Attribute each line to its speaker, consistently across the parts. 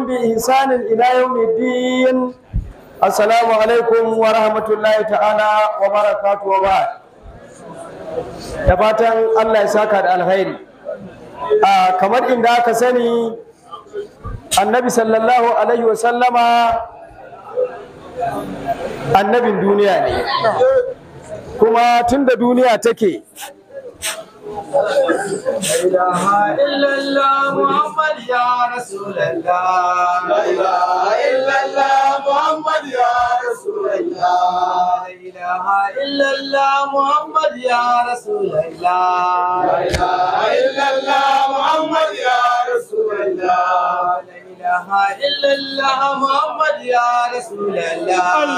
Speaker 1: ومن بإحسان إلى يوم الدين السلام عليكم ورحمة الله تعالى وبركاته وبعد تباتن الله يساك الخير kamar inda aka sani annabi sallallahu alaihi wasallama annabin duniya ne kuma tunda duniya take إله إلا الله محمد يا رسول الله لا إله إلا الله محمد يا رسول الله لا إله إلا الله محمد يا رسول الله لا إله إلا الله محمد يا رسول الله لا إله إلا الله محمد يا رسول الله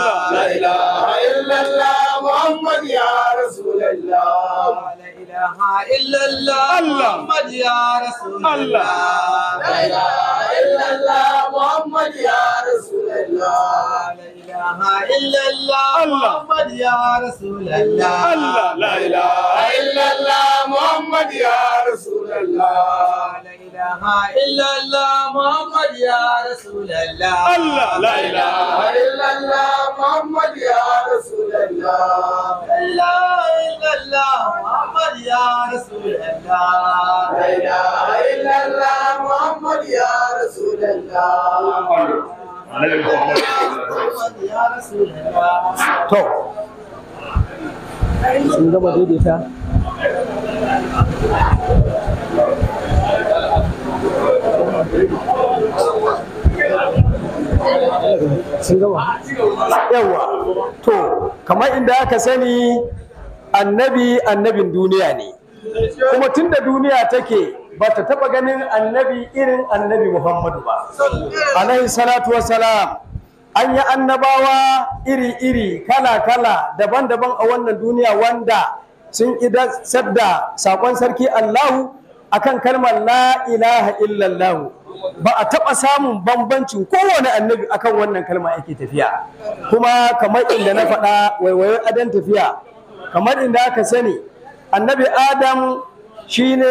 Speaker 1: لا إله إلا الله محمد يا رسول الله ilaha illallah Muhammad ya Rasulullah La ilaha illallah Muhammad ya Rasulullah La ilaha illallah Muhammad ya Rasulullah La ilaha illallah Muhammad ya Rasulullah Allah la ilaha illallah Muhammad ya Rasulallah Allah la ilaha illallah Muhammad ya Rasulallah Allah la ilaha illallah Muhammad ya Rasulallah To yawa to kamar inda aka sani annabi annabin duniya ne kuma tunda duniya take ba ta taba ganin annabi irin annabi muhammadu ba alaihi salatu wasalam, an yi annabawa iri-iri kala-kala daban-daban a wannan duniya wanda sun idasar da saƙon sarki allahu akan kalmar la ilaha illallah ba a taɓa samun bambancin kowane annabi akan wannan kalma yake tafiya kuma kamar inda na faɗa waiwayo adan tafiya kamar inda aka sani annabi adam shine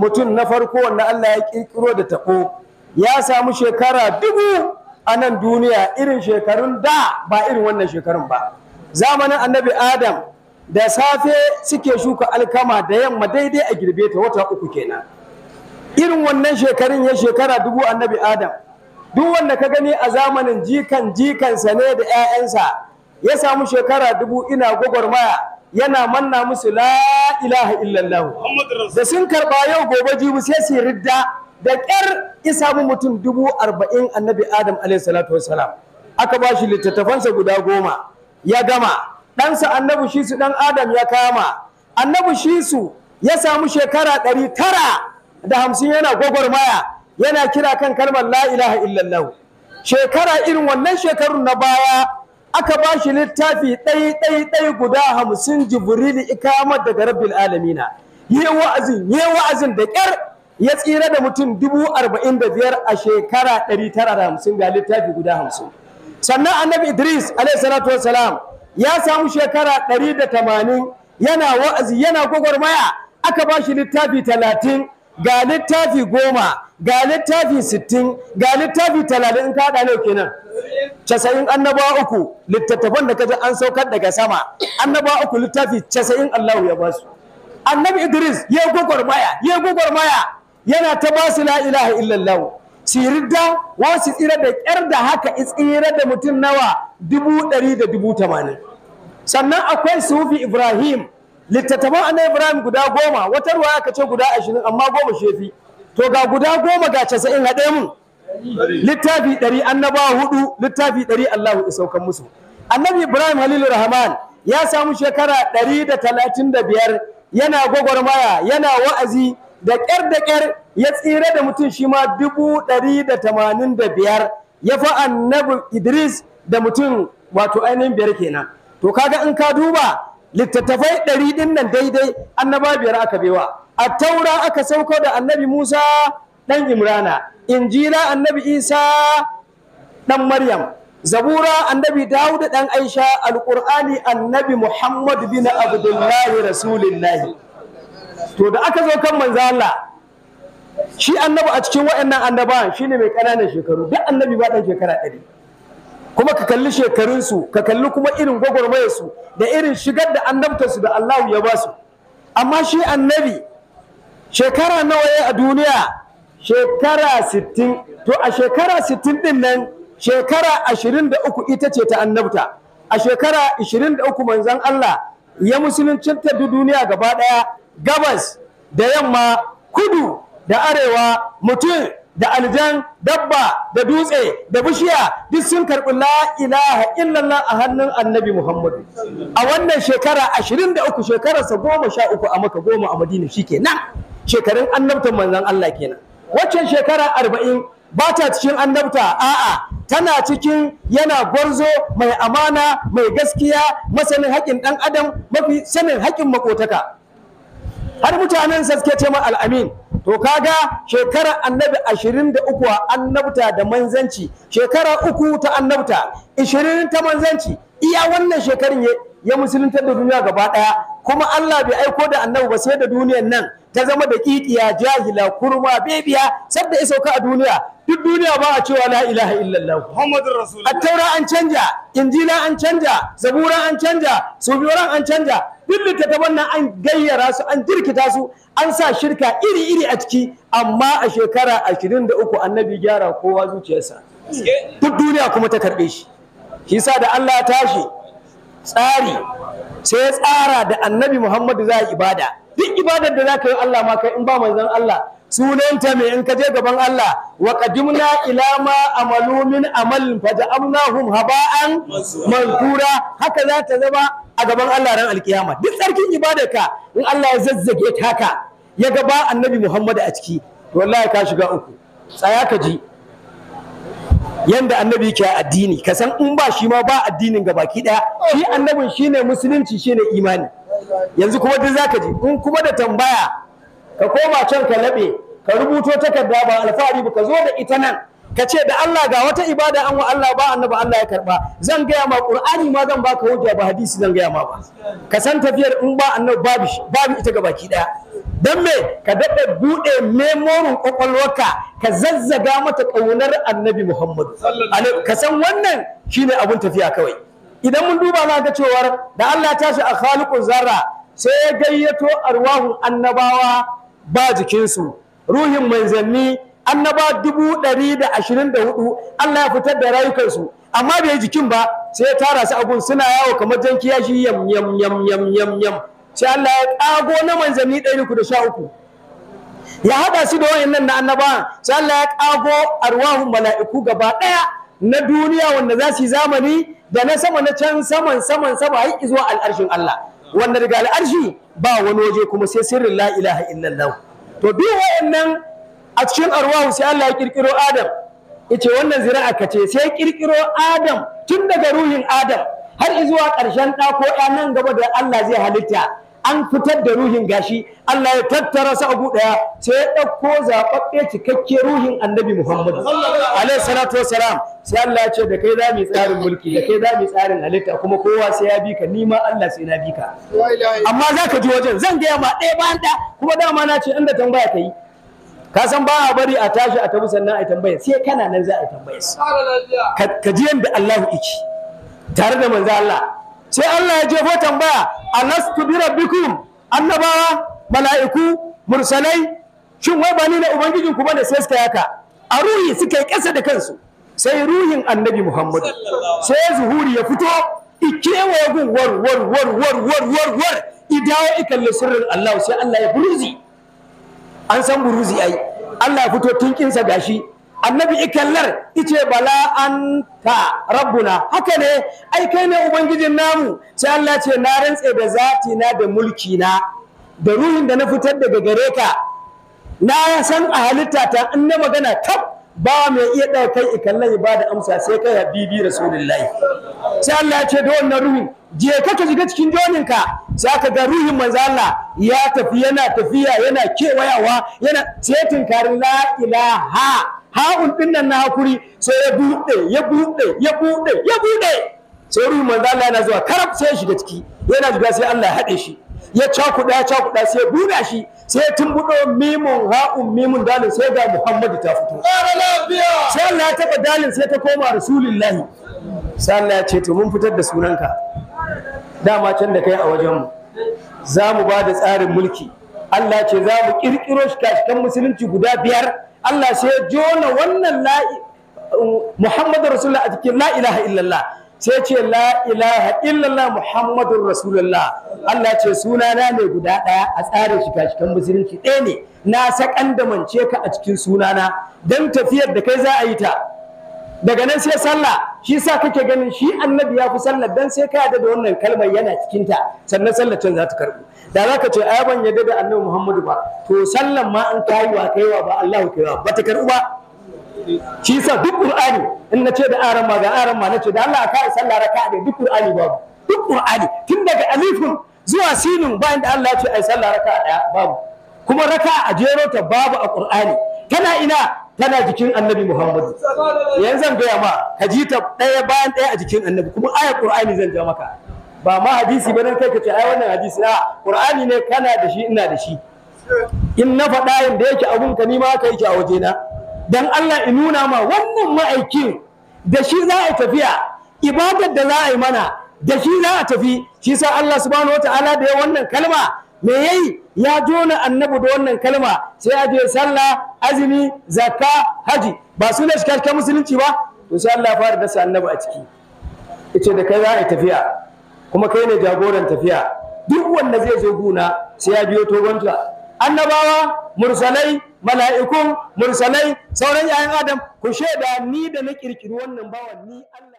Speaker 1: mutum na farko wanda Allah ya ƙirƙiro da taɓo ya samu shekara dubu a nan duniya irin shekarun da ba irin wannan shekarun ba zamanin annabi adam da safe suke shuka alkama da yamma daidai a girbe ta wata uku kenan irin wannan shekarun ya shekara dubu annabi adam duk wanda ka gani a zamanin jikan jikansa ne da 'ya'yansa ya samu shekara dubu ina gwagwarmaya yana manna musu la ilaha illallah da sun karba yau gobe jibi sai su ridda da ƙyar samu mutum dubu arba'in annabi adam alaihi aka ba shi littattafansa guda goma ya gama ɗansa annabi shi su ɗan adam ya kama annabi shi su ya samu shekara ɗari tara da hamsin yana gwagwarmaya yana kira kan kalmar la ilaha illallah shekara irin wannan shekarun na baya aka ba shi littafi ɗai ɗai ɗai guda hamsin jibril ikamar daga rabbil alamina yi wa'azin yi wa'azin da ƙyar ya tsira da mutum dubu arba'in da biyar a shekara ɗari tara da hamsin ga littafi guda hamsin sannan annabi idris alaihi salatu wasalam ya samu shekara ɗari da tamanin yana wa'azi yana gwagwarmaya aka ba shi littafi talatin ga littafi goma ga littafi sittin ga littafi talatin in kaɗa ne kenan casa'in annaba uku littattafan da kaji an saukar daga sama annaba uku littafi casa'in allahu ya basu annabi idris ya gwagwarmaya ya gwagwarmaya yana ta basu la ilaha illallahu sirida wasu tsira da kyar da haka tsira da mutum nawa dubu ɗari da dubu tamanin sannan akwai sufi ibrahim littattafan annabi ibrahim guda goma wata ruwa aka ce guda ashirin amma goma shefi to ga guda goma ga casa'in haɗe mu littafi ɗari annabawa hudu littafi ɗari allahu isaukan musu annabi ibrahim halilu rahman ya samu shekara ɗari da talatin da biyar yana gwagwarmaya yana wa'azi da ƙyar da ƙyar ya tsira da mutum shi ma dubu ɗari da tamanin da biyar ya fi annabi idris da mutum wato ainihin biyar kenan to kaga in ka duba littattafai ɗari ɗin nan daidai annaba biyar aka bewa a taura aka sauko da annabi musa ɗan imrana injila annabi isa ɗan maryam zabura annabi dawud ɗan aisha alƙur'ani annabi muhammad bin abdullahi rasulillahi to da aka zo kan manzo Allah shi annabi a cikin waɗannan annabawan shine mai ƙananan shekaru duk annabi ba ɗan shekara ɗari kuma ka kalli shekarunsu ka kalli kuma irin gwagwarmayarsu da irin shigar da annabtarsu da Allah ya ba su amma shi annabi shekara nawa ya a duniya shekara 60 to a shekara 60 din nan shekara 23 ita ce ta annabta a shekara 23 manzon Allah ya ta duniya gaba ɗaya gabas da yamma kudu da arewa mutum da aljan dabba da dutse da bishiya duk sun karɓi la ilaha illallah a hannun annabi muhammadu a wannan shekara 23 shekararsa goma sha uku a maka goma a madina shi nan, shekarun annabtan manzan allah kenan waccan shekara arba'in ba ta cikin annabta a'a tana cikin yana gwarzo mai amana mai gaskiya masanin haƙƙin ɗan adam mafi sanin haƙƙin makotaka har mutanen sa suke ce ma al'amin to kaga shekarar annabi ashirin da annabta da manzanci shekara uku ta annabta 20 ta manzanci iya wannan shekarun ya musuluntar da duniya gaba daya kuma Allah bai aiko da annabi ba sai da duniyar nan ta zama da kikiya jahila kurma bebiya sabda ya sauka a duniya duk duniya ba a cewa la ilaha illallah Muhammadur Rasulullah at-taura an canja injila an canja zabura an canja subiyoran an canja duk ta wannan an gayyara su an jirkita su an sa shirka iri-iri a ciki amma a shekara ashirin da annabi gyara kowa zuciyarsa duk duniya kuma ta karɓe shi shi sa da Allah ya tashi tsari sai tsara da annabi Muhammadu za a ibada duk ibadar da za ka yi Allah ma kai in ba manzon Allah sunanta mai in ka je gaban Allah wa qadimna ila ma amalu min amal ja'alnahum haba'an mansura haka za ta zama a gaban Allah ran alkiyama duk tsarkin ka in Allah ya zazzage taka ya gaba annabi Muhammad a ciki to wallahi ka shiga uku tsaya ka ji yanda annabi yake addini ka san in ba shi ma ba addinin ga baki daya shi annabin shine musulunci shine imani yanzu kuma duk zaka ji in kuma da tambaya ka koma can ka labe ka rubuto takarda ba alfahari ba ka zo da ita nan ka ce da Allah ga wata ibada an wa Allah ba annabi Allah ya karba zan gaya ma Qur'ani ma zan baka hujja ba hadisi zan gaya ma ba ka san tafiyar in ba annabi babu babu ita ga baki daya dan me ka dade bude memorin kokolwaka ka zazzaga mata kaunar annabi Muhammad ka san wannan shine abun tafiya kawai idan mun duba na ga cewa da Allah ta tashi a khaliqun zarra sai ya gayyato arwahun annabawa ba jikinsu ruhin manzanni annaba dubu ɗari da ashirin da hudu Allah ya fitar da rayukansu amma bai yi jikin ba sai ya tara su abun suna yawo kamar jan kiyashi yam yam yam yam yam yam sai Allah ya ƙago na manzanni ɗari uku da sha uku ya haɗa su da wayannan na annaba sai Allah ya ƙago arwahun mala'iku gaba ɗaya na duniya wanda za su yi zamani da na sama na can saman saman sama har zuwa al'arshin Allah wanda daga al'arshi ba wani waje kuma sai sirrin la ilaha illallah to duk wayannan a cikin arwahu sai Allah ya kirkiro Adam yace wannan zira'a ka ce sai kirkiro Adam tun daga ruhin Adam har zuwa ƙarshen ɗa ko nan gaba da Allah zai halitta an fitar da ruhin gashi Allah ya tattara sa abu daya sai ya ɗauko zababbe cikakke ruhin Annabi Muhammad alaihi salatu wassalam sai Allah ya ce da kai zamu tsarin mulki da kai zamu tsarin halitta kuma kowa sai ya bika, ka ni ma Allah sai na bi ka amma zaka ji wajen zan ga ma ɗaya bayan ɗaya kuma dama na ce inda tambaya yi. ka san ba a bari a tashi a tafi sannan a tambaya sai kana nan za a tambaya ka ji yadda Allahu iki tare da manzo Allah sai Allah ya jefo tambaya alastu bi rabbikum annabawa mala'iku mursalai shin wai ba ni na ubangijin ku da sai suka yaka a ruhi suka yi kasa da kansu sai ruhin annabi Muhammadu. sai zuhuri ya fito ikewaye gun war war war war war war war idawo sirrin Allah sai Allah ya buruzi an san buruzi ai Allah ya fito sa gashi annabi ikallar ice bala anta rabbuna haka ne ai kai ne ubangijin namu sai Allah ce na rantse da zati na da mulki na da ruhin da na fitar daga gare ka na san a halitta ta in na magana tab ba mai iya ɗaukar ba da amsa sai kai habibi rasulullahi sai Allah ya ce da wannan ruhin, je ka ka shiga cikin ka, za ka ga ruhin manzo Allah ya tafi yana tafiya yana kewayawa yana sai tunkarin la ilaha ha'un din nan na hakuri sai ya buɗe ya buɗe ya buɗe ya buɗe sai ruhin manzo Allah yana zuwa karab sai ya shiga ciki yana shiga sai Allah ya haɗe shi ya cakuɗa ya cakuɗa sai ya buɗa shi sai tun tumbuɗo mimun ha'un mimun dalin sai ga muhammadu ta fito sai Allah ya taɓa dalin sai ta koma rasulullahi sai Allah ya ce to mun fitar da sunanka dama can da kai a wajenmu za mu ba da tsarin mulki Allah ce za mu ƙirƙiro shikashikan musulunci guda biyar Allah sai ya jona wannan muhammadu rasulullah a cikin lailaha illallah sai ce la ilaha illallah muhammadun rasulullah Allah ce suna na ne guda ɗaya a tsare shiga shigan musulunci ɗaya ne na sakan da mance ka a cikin sunana don tafiyar da kai za a yi ta daga nan sai sallah shi sa kake ganin shi annabi ya fi sallah don sai ka yada da wannan kalmar yana cikin ta sannan sallar can za ta karbu da za ka ce ai ban yarda da annabi muhammadu ba to sallan ma an kayuwa kaiwa ba allahu kaiwa ba ta karbu ba shi yasa duk qur'ani in nace da aran ma ga aran ma nace da Allah ka isa Allah raka'a da duk qur'ani babu duk qur'ani tun daga alifun zuwa sinin bayan da Allah ya ce ai sallah raka daya babu kuma raka a jero ta babu a qur'ani tana ina tana jikin annabi Muhammadu yanzu zan gaya ma ka ji ta ɗaya bayan ɗaya a jikin annabi kuma ayar Qur'ani zan ja maka ba ma hadisi ba nan kai ka ce ai wannan hadisi a Qur'ani ne kana da shi ina da shi in na faɗa yin da yake abun ka ni ma ka ki a waje na Dan Allah in nuna ma wannan ma'aikin da shi za a tafiya ibadar da za a yi mana da shi za a tafi shi sa Allah subhanahu wataala da ya wannan kalma me yayi ya jona annabi da wannan kalma sai a je sallah azumi zakka haji ba su ne shi musulunci ba to sai Allah ya fara dasa annabi a ciki yace da kai za a tafiya kuma kai ne jagoran tafiya duk wanda zai zo guna sai ya biyo togonta annabawa mursalai mala'ikun mursalai sauran 'ya'yan adam ku shaida ni da na ƙirƙiri wannan bawan ni Allah